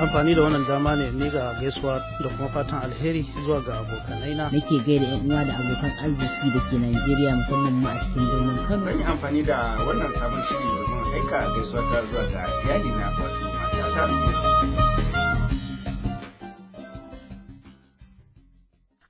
amfani da wannan dama ne ni ga gaisuwa da kuma fatan alheri zuwa ga abokanai na nake gaida yan uwa da abokan arziki da ke Najeriya musamman ma a cikin birnin Kano zan yi amfani da wannan sabon shiri domin aika gaisuwa ta zuwa ga iyali na wato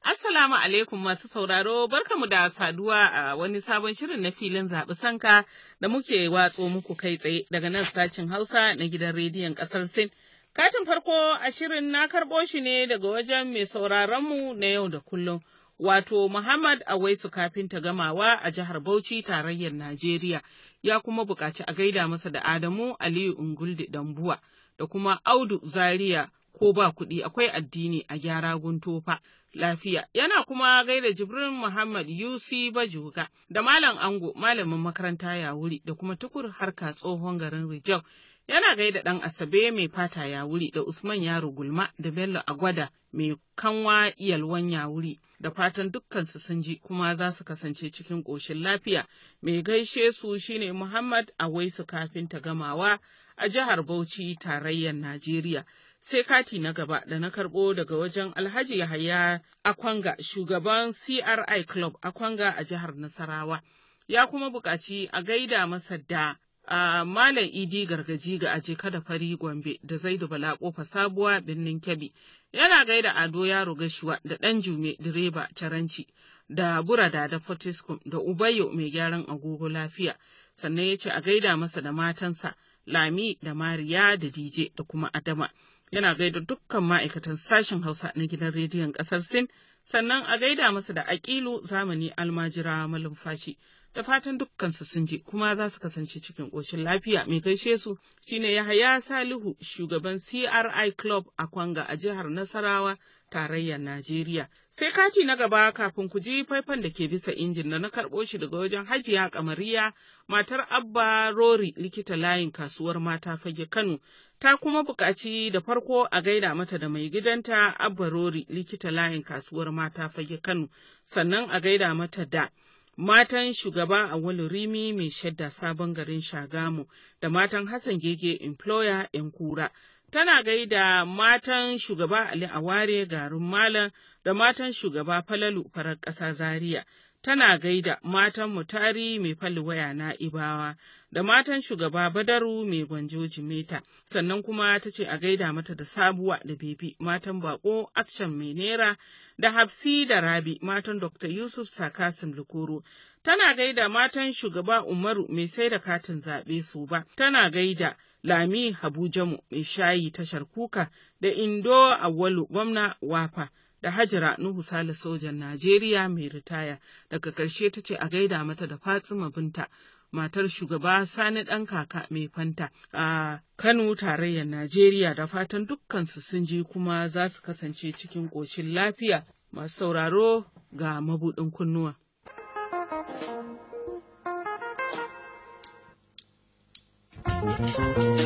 Assalamu alaikum masu sauraro barkamu da saduwa a wani sabon shirin na filin zaɓi sanka da muke watso muku kai tsaye daga nan sashin Hausa na gidan rediyon ƙasar Sin Katin farko a shirin na karɓo shi ne daga wajen mai sauraronmu na yau da kullum, wato Muhammad Awaisu kafin ta gamawa a jihar Bauchi tarayyar Najeriya, ya kuma buƙaci a gaida masa da Adamu Aliyu Ungulde Dambuwa da kuma Audu Zaria ko ba kuɗi akwai addini a gyara guntofa lafiya yana kuma gaida jibrin muhammad UC bajuga da malam ango malamin makaranta ya wuri da kuma tukur harka tsohon garin rijau Yana gaida ɗan Asabe mai fata ya wuri da Usman Yaro Gulma da Bello Agwada mai kanwa iyalwan ya wuri da fatan dukkansu sun ji kuma za su kasance cikin ƙoshin lafiya. Mai gaishe su shine Muhammad Awaisu kafin ta gamawa a jihar Bauchi tarayyar Najeriya. sai kati na gaba da na karɓo daga wajen Alhaji Yahaya Akwanga, shugaban CRI Club Akwanga a jihar Nasarawa. Ya kuma buƙaci a gaida masa da a Malam Idi Gargaji ga aje kada fari Gombe da Zaidu Bala kofa sabuwa birnin Kebbi. Yana gaida Ado Yaro Gashuwa da ɗan Jume direba Caranci da Burada da Fortiscom da Ubayo mai gyaran agogo lafiya. Sannan ya ce a gaida masa da matansa Lami da Mariya da DJ da kuma Adama. Yana gaida dukkan ma'aikatan sashen Hausa na gidan rediyon ƙasar Sin. Sannan a gaida masa da Aƙilu zamani almajira malumfashi. da fatan dukkansu sun je kuma za su kasance cikin ƙoshin lafiya mai gaishe su shine Yahaya Salihu shugaban CRI Club a Kwanga a jihar Nasarawa tarayyar Najeriya. Sai kati na gaba kafin ku ji faifan da ke bisa injin da na karɓo shi daga wajen Hajiya Kamariya matar Abba Rori likita layin kasuwar mata fage Kano ta kuma buƙaci da farko a gaida mata da mai gidanta Abba Rori likita layin kasuwar mata fage Kano sannan a gaida mata da matan shugaba a Rimi mai shadda sabon garin Shagamu da matan Hassan Gege employer ‘yan kura. Tana gaida matan shugaba Ali Aware garin Malam da matan shugaba Falalu farar ƙasa Zaria tana gaida matan mutari mai falwaya na ibawa da matan shugaba badaru mai gwanjoji Meta sannan kuma ta ce a gaida mata da sabuwa da bebi matan bako action mai nera da hafsi da rabi matan dr yusuf sakasim lukuru tana gaida matan shugaba umaru mai sai da katin zaɓe su ba tana gaida lami habu jamu mai shayi tashar kuka da indo awalu gwamna wafa da Hajara Nuhu Sale sojan Najeriya mai ritaya daga ƙarshe ta ce a gaida mata da Fatsima Binta matar shugaba Sani ɗan kaka mai fanta a Kano tarayyar Najeriya da fatan dukkansu sun ji kuma za su kasance cikin ƙoshin lafiya masu sauraro ga mabuɗin kunnuwa. Thank you.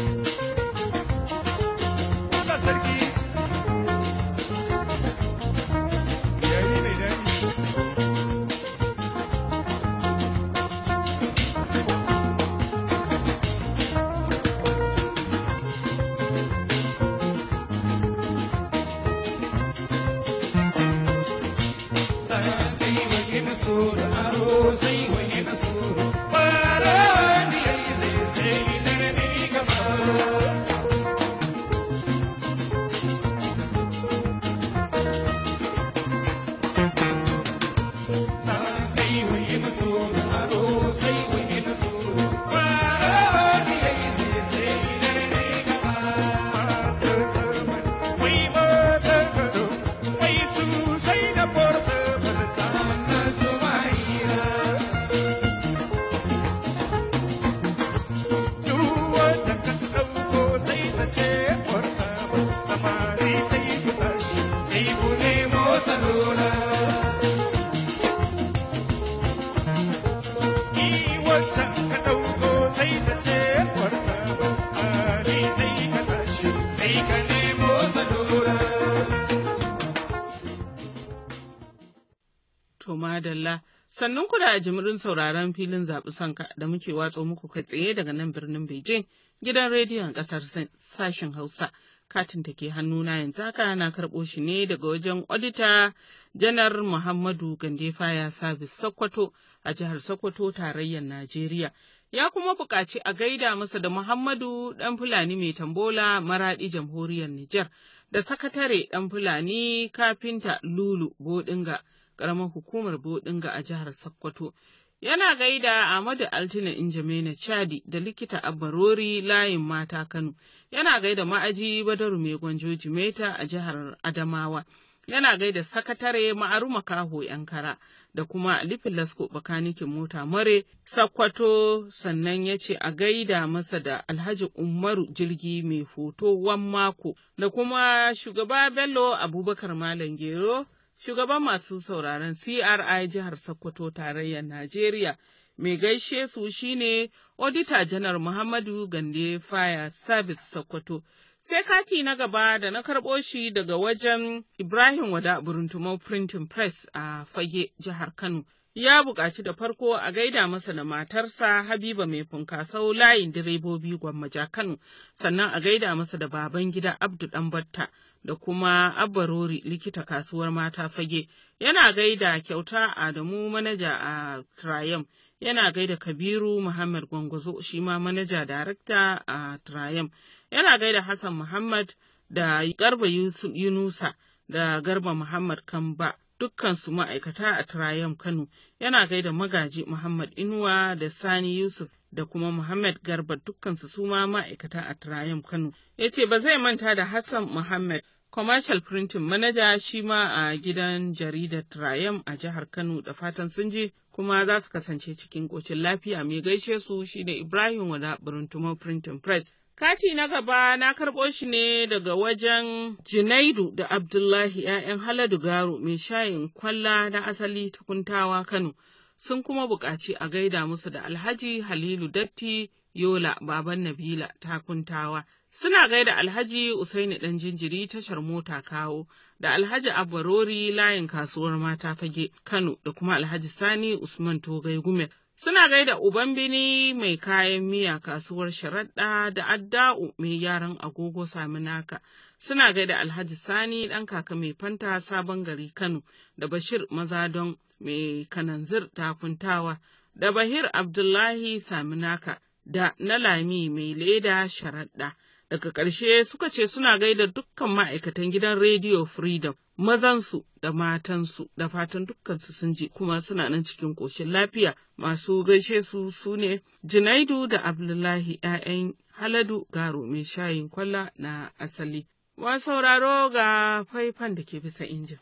To madalla, sannan kuna a jimirin sauraron filin zaɓi sanka da muke watsa muku kai tsaye daga nan birnin Beijing gidan rediyon ƙasar sashen Hausa. Katin take hannu na yanzu haka na karɓo shi ne daga wajen odita janar Muhammadu Gandefaya Sabis Sokoto a jihar Sokoto tarayyar Najeriya. Ya kuma buƙaci a gaida masa da Muhammadu ɗan Fulani mai tambola maraɗi jamhuriyar Nijar da sakatare ɗan Fulani kafinta Lulu Bodinga. karamar hukumar Bodinga a jihar Sokoto. Yana gaida Ahmadu Altina Injamena Chadi da likita a barori layin mata Kano. Yana gaida ma'aji Badaru Mai Gwanjo Maita a jihar Adamawa. yana gaida sakatare ma'aruma makaho yankara da kuma lifin lasko bakanikin mota mare Sokoto sannan ya ce a gaida masa da alhaji umaru jirgi mai hoto wan mako da kuma shugaba bello abubakar malam gero shugaban masu sauraron CRI jihar Sokoto tarayyar Najeriya. Mai gaishe su shine Odita Janar Muhammadu Gande Fire Service Sokoto. Sai kati na gaba da na karɓo shi daga wajen Ibrahim Wada Buruntumau Printing Press a Fage, jihar Kano. ya buƙaci da farko a gaida masa da matarsa Habiba mai funkasau layin direbobi gwammaja Kano, sannan a gaida masa da baban gida Abdu batta da kuma Abbarori likita kasuwar mata fage, yana gaida kyauta Adamu manaja a Trayam, yana gaida Kabiru Muhammad Gwangwazo shi ma manaja darakta a Trayam, yana gaida Hassan Muhammad da Garba Yunusa da Garba Muhammad Kamba. dukkansu ma'aikata a Trayam Kano yana gaida magaji Muhammad Inuwa da Sani Yusuf da kuma Muhammad Garba dukkansu su ma ma'aikata a Trayam Kano. Ya ce ba zai manta da Hassan Muhammad commercial printing manager shi ma a gidan jaridar Trayam a jihar Kano da fatan sun je kuma za su kasance cikin kocin lafiya mai gaishe su shine Ibrahim Wada Burintumo Printing Press Kati na gaba na karɓo shi ne daga wajen Junaidu da Abdullahi ‘ya'yan Haladu Garo mai shayin kwalla na asali tukuntawa Kano, sun kuma buƙaci a gaida musu da Alhaji Halilu Datti Yola Baban Nabila ta kuntawa. Suna gaida Alhaji Usaini ɗan jinjiri tashar mota kawo da Alhaji Abbarori layin kasuwar mata fage Kano da kuma Alhaji Sani Usman Togai Gumel Suna gaida uban bini mai kayan miya kasuwar sharaɗa da adda'u mai yaran agogo saminaka. Suna gaida Alhaji Sani ɗan kaka mai fanta sabon gari Kano da Bashir Mazadon mai kananzir takuntawa da Bahir Abdullahi saminaka da Lami mai leda sharaɗa. Daga ƙarshe suka ce suna gaida dukkan ma'aikatan gidan Radio Freedom, mazansu da matansu da fatan dukkansu sun ji kuma suna nan cikin ƙoshin lafiya. Masu gaishe su su ne Junaidu da Abdullahi ‘ya'yan Haladu Garo mai shayin kwalla na asali. Wa sauraro ga faifan da ke bisa injin.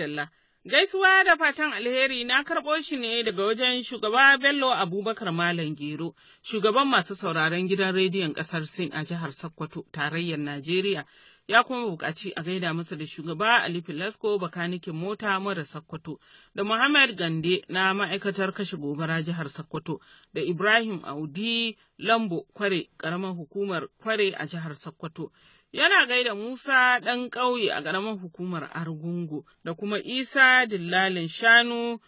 Dalla. Gaisuwa da fatan alheri na karɓo shi ne daga wajen shugaba Bello Abubakar Malam Gero, shugaban masu sauraron gidan rediyon ƙasar Sin a jihar Sokoto, tarayyar Najeriya. Ya kuma buƙaci a gaida masa da shugaba Ali Filasko bakanikin mota mara Sokoto, da Muhammad Gande na ma'aikatar kashe gobara jihar Sokoto, da Ibrahim Audi Lambo Kware, ƙaramin hukumar Kware a jihar Sokoto. yana gaida Musa ɗan ƙauye a ƙaramin hukumar Argungu da kuma Isa dillalin shanu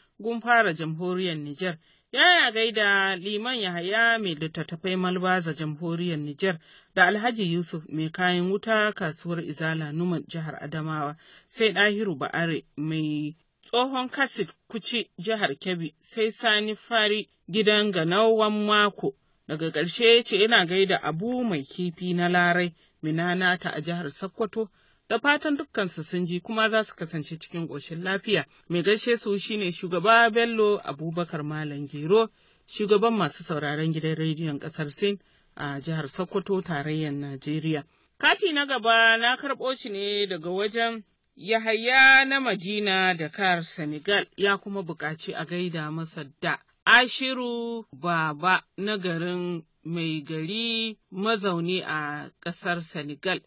fara jamhuriyar Nijar. Yana gaida Liman Yahaya mai littattafai Malbaza jamhuriyar Nijar da Alhaji Yusuf mai kayan wuta kasuwar Izala Numan jihar Adamawa sai Ɗahiru Ba'are mai tsohon kasit kuci jihar Kebbi sai Sani Fari gidan ganawan mako. Daga ƙarshe ce yana gaida abu mai kifi na larai Minanata a jihar Sokoto da fatan dukkansu sun ji kuma za su kasance cikin ƙoshin lafiya. Mai gaishe su shine shugaba Bello Abubakar Malam Gero, shugaban masu sauraron gidan rediyon ƙasar Sin a jihar Sokoto tarayyar Najeriya. Kati na gaba na karɓo shi ne daga wajen Yahaya na Majina da kar Senegal ya kuma buƙaci a gaida masa da Ashiru Baba na garin mai gari mazauni a ƙasar Senegal.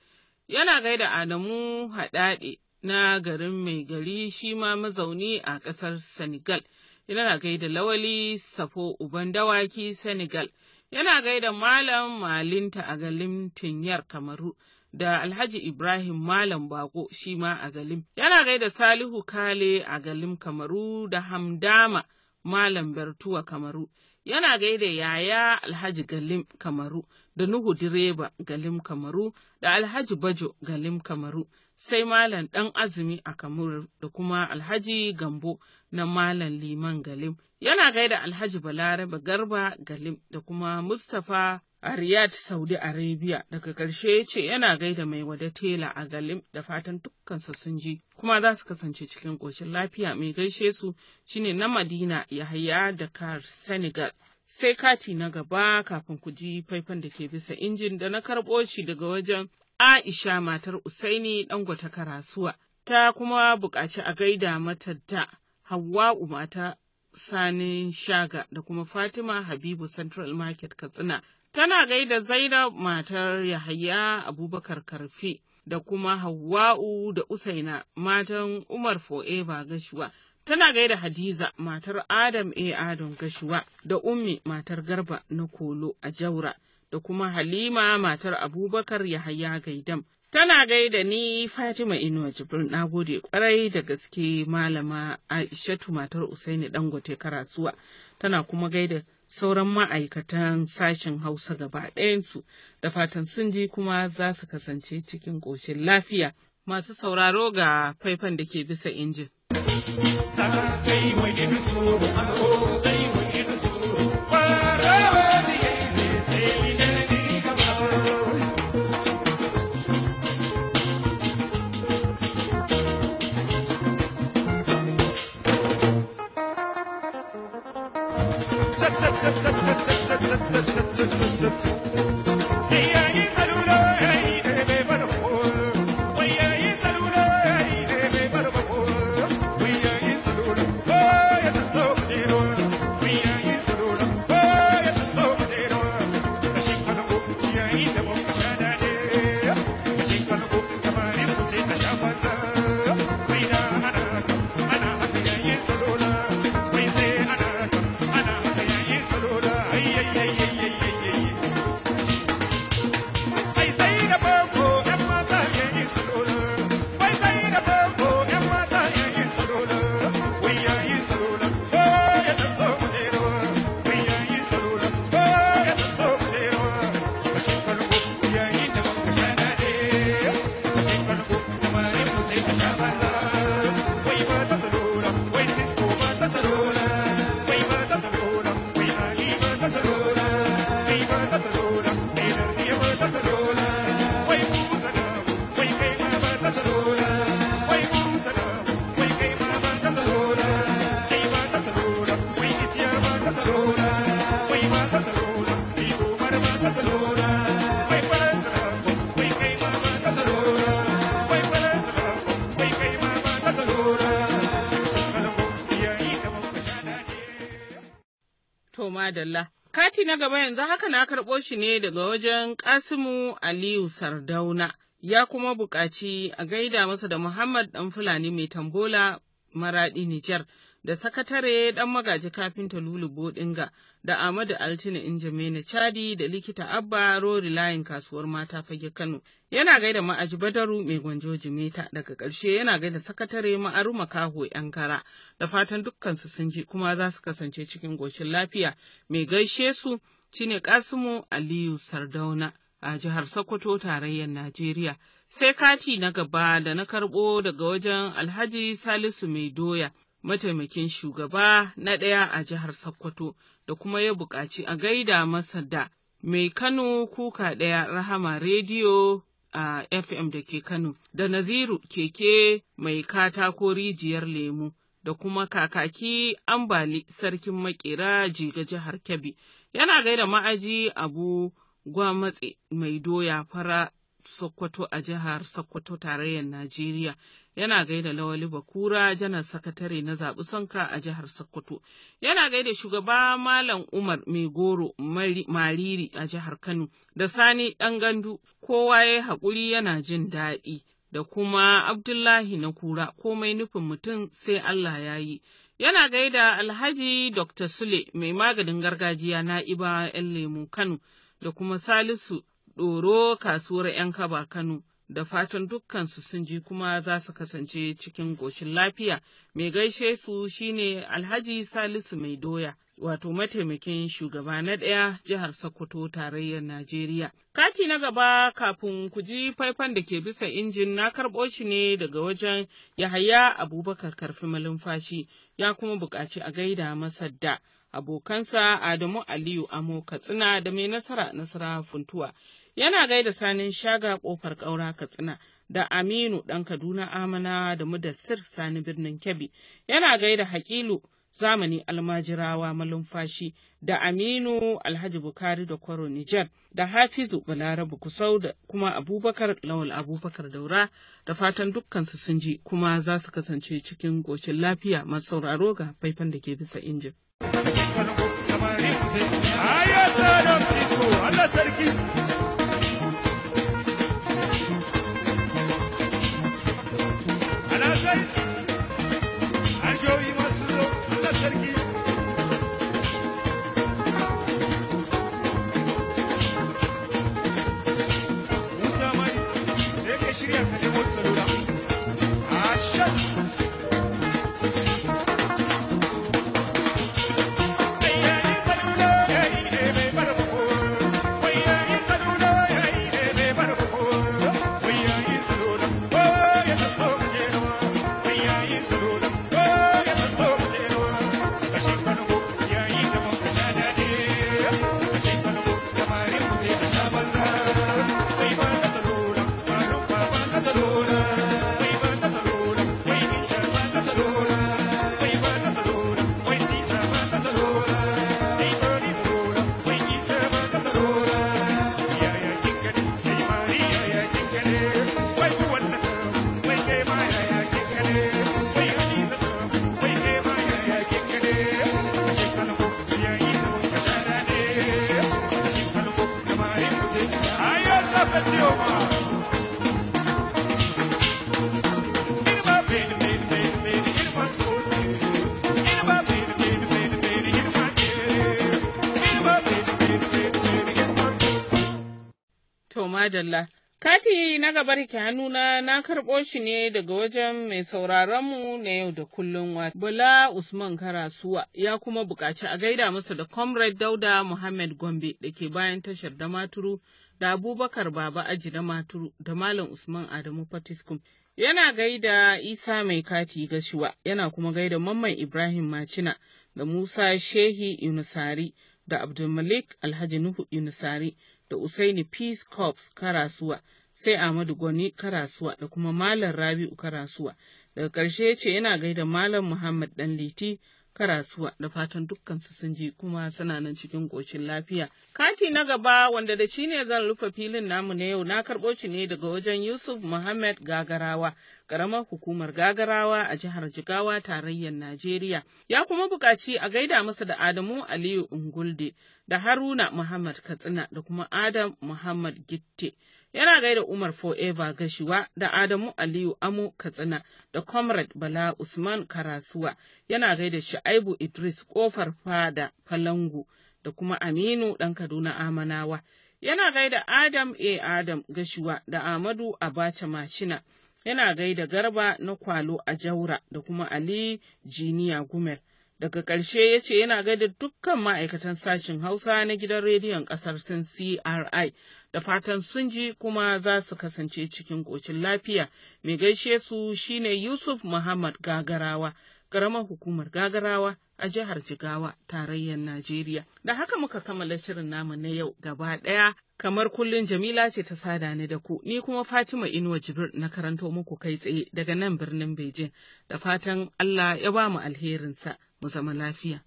Yana gaida Adamu Haɗaɗe na garin mai gari shi ma mazauni a ƙasar Senegal. Yana gaida Lawali Safo Uban Dawaki Senegal. Yana gaida Malam Malinta a galin Tinyar Kamaru. da Alhaji Ibrahim Malam Bako shi ma a Galim. Yana gaida Salihu Kale a Galim Kamaru da Hamdama Malam Bertuwa Kamaru. yana gaida yaya Alhaji Galim Kamaru da Nuhu Direba Galim Kamaru da Alhaji Bajo Galim Kamaru sai Malam Ɗan Azumi a Kamaru da kuma Alhaji Gambo na Malam Liman Galim. Yana gaida Alhaji Balaraba Garba Galim da kuma Mustapha a Riyadh, Saudi Arabia, daga karshe ya ce yana gaida mai wada tela a Galim da fatan dukkansu sun ji kuma za su kasance cikin ƙoshin lafiya mai gaishe su shine na Madina Yahaya kar Senegal. Sai kati na gaba kafin ku ji faifan da ke bisa injin da na karɓo shi daga wajen Aisha matar Usaini Dangote Karasuwa ta kuma buƙaci a gaida mata da Hawwa'u mata Sanin Shaga da kuma Fatima Habibu Central Market Katsina Tana gaida Zainab matar Yahaya Abubakar Karfe da kuma Hawwa'u da Usaina matan Umar Fo'eba Gashuwa. Tana gaida Hadiza matar Adam A. Adam Gashuwa da Ummi matar Garba na Kolo a Jaura da kuma Halima matar Abubakar Yahaya Gaidam. Tana gaida ni Fatima Inuwa Jibril na gode kwarai da gaske Malama Aishatu matar Usaini Dangote Karasuwa. Tana kuma gaida sauran ma'aikatan sashen Hausa gaba ɗayansu da fatan sun ji kuma za su kasance cikin ƙoshin lafiya. Masu sauraro ga faifan da ke bisa injin. To madalla. Kati na gaba yanzu haka na karɓo shi ne daga wajen Kasimu Aliyu Sardauna, ya kuma buƙaci a gaida masa da Muhammad ɗan Fulani mai tambola maraɗi Nijar da sakatare ɗan magaji kafinta Lulu Bodinga da Ahmadu Altina na Chadi da likita Abba Rori Layin kasuwar mata fage Kano. Yana gaida ma'aji Badaru mai gwanjo Jimeta daga ƙarshe yana gaida sakatare ma'aru Makaho Yankara da fatan dukkansu sun ji kuma za su kasance cikin goshin lafiya mai gaishe su shine Kasimu Aliyu Sardauna. a jihar Sokoto tarayyar Najeriya, sai kati na gaba da na karɓo daga wajen Alhaji Salisu Mai Doya mataimakin shugaba na ɗaya a jihar Sokoto da kuma ya buƙaci a gaida masa da mai Kano kuka ɗaya Rahama Rediyo a FM da ke Kano da Naziru keke mai katako rijiyar lemu. da kuma kakaki ambali sarkin makera jiga jihar Kebbi yana gaida ma'aji abu gwamatse mai doya fara Sokoto a jihar Sokoto tarayyar Najeriya yana gaida Lawali Bakura janar sakatare na zaɓi sonka a jihar Sokoto yana gaida shugaba Malam Umar Megoro Mariri a jihar Kano da Sani ɗan gandu kowa ya haƙuri yana jin daɗi da kuma Abdullahi na kura komai nufin mutum sai Allah ya yi. Yana gaida Alhaji Dr. Sule mai maganin gargajiya na Iba ‘yan lemu Kano da kuma Salisu ɗoro kasuwar 'yan kaba Kano. Da fatan dukkansu sun ji kuma za su kasance cikin goshin lafiya, mai gaishe su shine Alhaji Salisu Mai Doya. wato mataimakin shugaba na ɗaya jihar Sokoto tarayyar Najeriya. Kati na gaba kafin ku ji faifan da ke bisa injin na karɓo shi ne daga wajen Yahaya Abubakar Karfi Malumfashi ya kuma buƙaci a gaida masadda abokansa Adamu Aliyu Amo Katsina da mai nasara nasara funtuwa. yana gaida sanin shaga ƙofar ƙaura Katsina da Aminu ɗan Kaduna Amanawa da Mudassir Sani birnin Kebbi, yana gaida Hakilu zamani almajirawa malumfashi da Aminu Alhaji Bukari da Kwaro Nijar da Hafizu Balarabu Kusau da kuma Abubakar Lawal Abubakar Daura da fatan dukkansu sun ji kuma za su kasance cikin goshin lafiya masu sauraro ga faifan da ke bisa injin. To madalla. Kati na gaba da hannuna na karɓo shi ne daga wajen mai sauraronmu na yau da kullum wata. Bala Usman Karasuwa ya kuma buƙaci a gaida masa da Comrade Dauda Muhammad Gombe da ke bayan tashar da maturu da Abubakar Baba Aji maturu da Malam Usman Adamu Fatiskum. Yana gaida Isa Mai Kati Gashuwa yana kuma gaida Mamman Ibrahim Macina da Musa Shehi Yunusari da Abdulmalik Alhaji Nuhu Yunusari. da Usaini Peace Corps Karasuwa, sai Ahmadu Gwani Karasuwa da kuma Malam Rabi'u Karasuwa. Daga ƙarshe ya ce yana gaida Malam Muhammad Ɗanliti karasuwa da fatan dukkansu sun ji kuma suna nan cikin ƙoshin lafiya. Kati na gaba wanda da shi ne zan rufe filin namu na yau na karɓo shi ne daga wajen Yusuf Muhammad Gagarawa, ƙaramar hukumar Gagarawa a jihar Jigawa tarayyar Najeriya. Ya kuma buƙaci a gaida masa da Adamu Aliyu Ungulde da Haruna Muhammad Katsina da kuma Adam Muhammad Gitte. yana gaida Umar Forever Gashiwa da Adamu Aliyu Amo Katsina da Comrade Bala Usman Karasuwa yana gaida Shu'aibu Idris Kofar Fada Falangu da kuma Aminu ɗan Kaduna Amanawa. Yana gaida Adam A. Adam Gashiwa da Amadu Abacha Mashina. Yana gaida Garba na Kwalo a Jaura da kuma Ali Jiniya Gumel. Daga ƙarshe ya ce yana gaida dukkan ma'aikatan sashen Hausa na gidan rediyon ƙasar sin CRI da fatan sun ji kuma za su kasance cikin ƙocin lafiya. Mai gaishe su shine Yusuf Muhammad Gagarawa, ƙaramar hukumar Gagarawa a jihar Jigawa, tarayyar Najeriya. Da haka muka kammala shirin namu na yau gaba ɗaya. Kamar kullum Jamila ce ta sada ni da ku, ni kuma Fatima Inuwa Jibir na karanto muku kai tsaye daga nan birnin Bejin, da fatan Allah ya ba mu alherinsa. mu zama lafiya.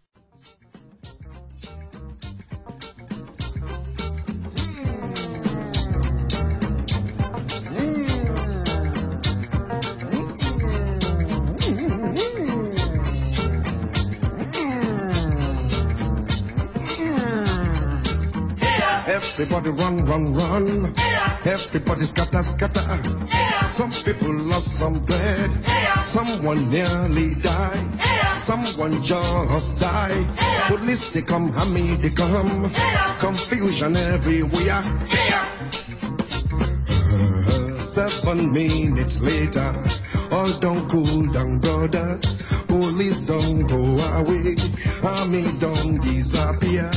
Everybody run, run, run. Yeah. Everybody scatter, scatter. Yeah. Some people lost some blood. Yeah. Someone nearly died. Someone just died. Police they come, army they come. Confusion everywhere. seven minutes later, all don't cool down, brother please don't go away. I mean, don't disappear.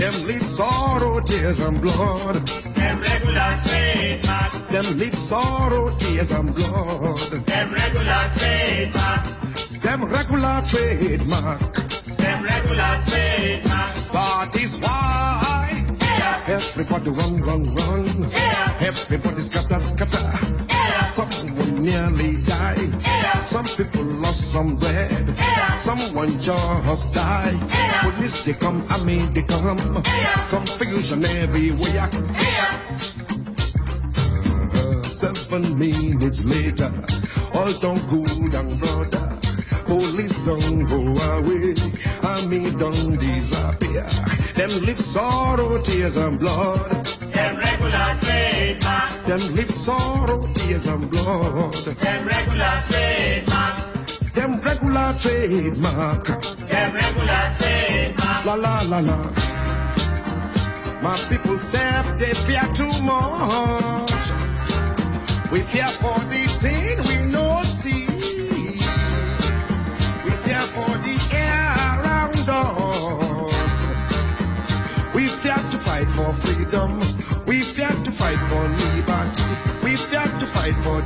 Them leave sorrow, tears, and blood. Them regular trademark. Them leave sorrow, tears, and blood. Them regular trademark. Them regular trademark. Them regular trademark. That is why. Yeah. Everybody run, run, run. Yeah. Everybody scatter, scatter. Someone nearly died. Yeah. Some people lost some bread. Yeah. Someone just died. Yeah. Police they come, I mean they come. Confusion everywhere. Uh, seven minutes later, all done good and brother. Police don't go away, army don't disappear. Them live sorrow, tears and blood. Them regular trade Them live sorrow, tears and blood. Them regular trademark. Them regular trademark. Them regular trademark. La la la la. My people say they fear too much. We fear for the thing we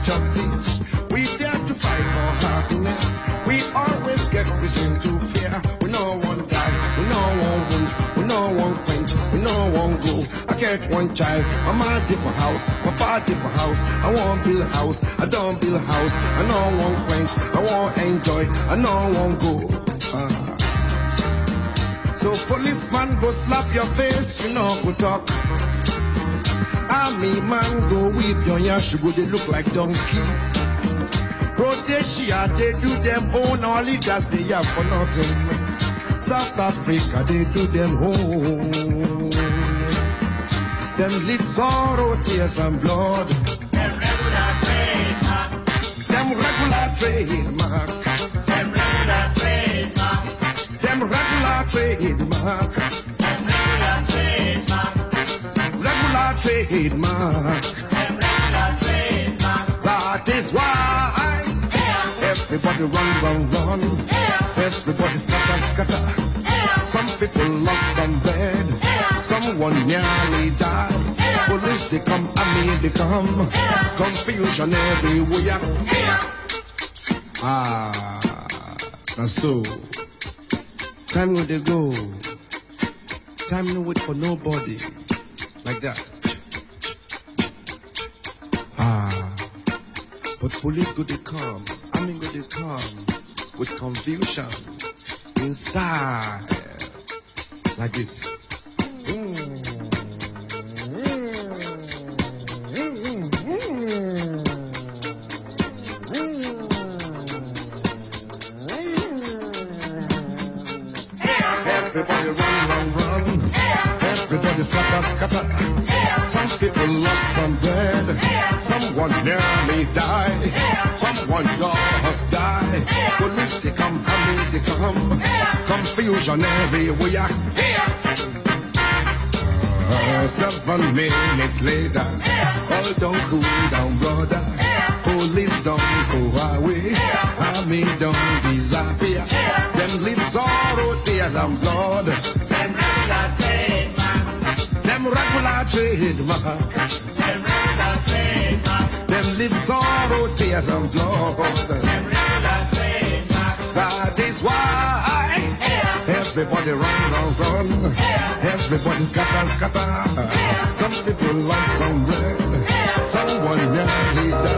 justice. We dare to fight for happiness. We always get reason to fear. We know one die, we know one wound, we no one quench, we no one go. I get one child, I'm a different house, my part different house. I want build a house, I don't build a house. I know one quench, I want enjoy, I know one go. Ah. So policeman go slap your face, you know go talk. Miami mango with Donya sugar, they look like donkey. Rhodesia, they do them own, all just they have for nothing. South Africa, they do them home. Them live sorrow, tears, and blood. Them regular trademark. Them regular trademark. Them regular trademark. Them regular trademark. trademark. That is why everybody run, run, run. Everybody scatter, scatter. Some people lost some bread. Someone nearly died. Police they come, army they come. Confusion everywhere. Ah, now so. Time will they go. Time no wait for nobody. Like that. But police go to come, I mean go to come with confusion in style like this. tears and blood. That is why everybody run, run, run. Everybody scatter, scatter. Some people lost some blood. Someone nearly died.